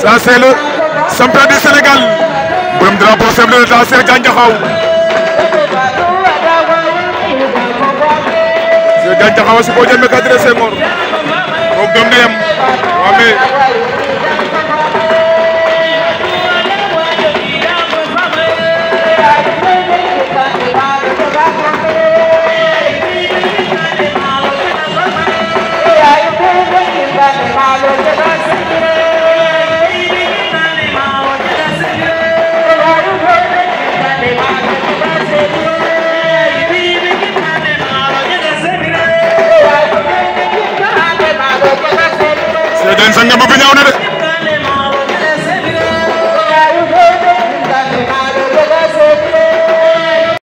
Ça, c'est le champion du Sénégal. Borom drapeau chef de l'État, c'est Gandiakhao. C'est Gandiakhao, c'est Bodian Mekadre Senghor. Eden Sangamba bi ñëw na it.